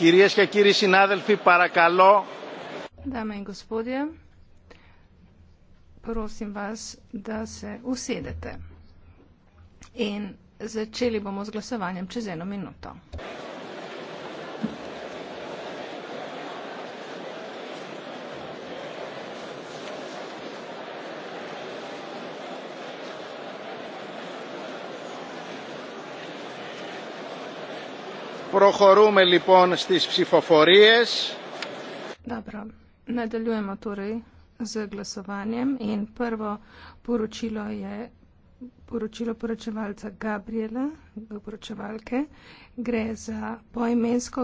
Κυρίες και κύριοι συνάδελφοι, παρακαλώ. Δάμε και κύριοι, πρόσιμ σας να σε ουσίδετε. Και ξεκινήσουμε με το γλωσσοβάνιο σε ένα μινούτο. Προχωρούμε λοιπόν στις ψηφοφορίες. Dobro, nadaljujemo torej z glasovanjem in prvo poročilo je poročilo poročevalca Gabriela, poročevalke, gre za poimensko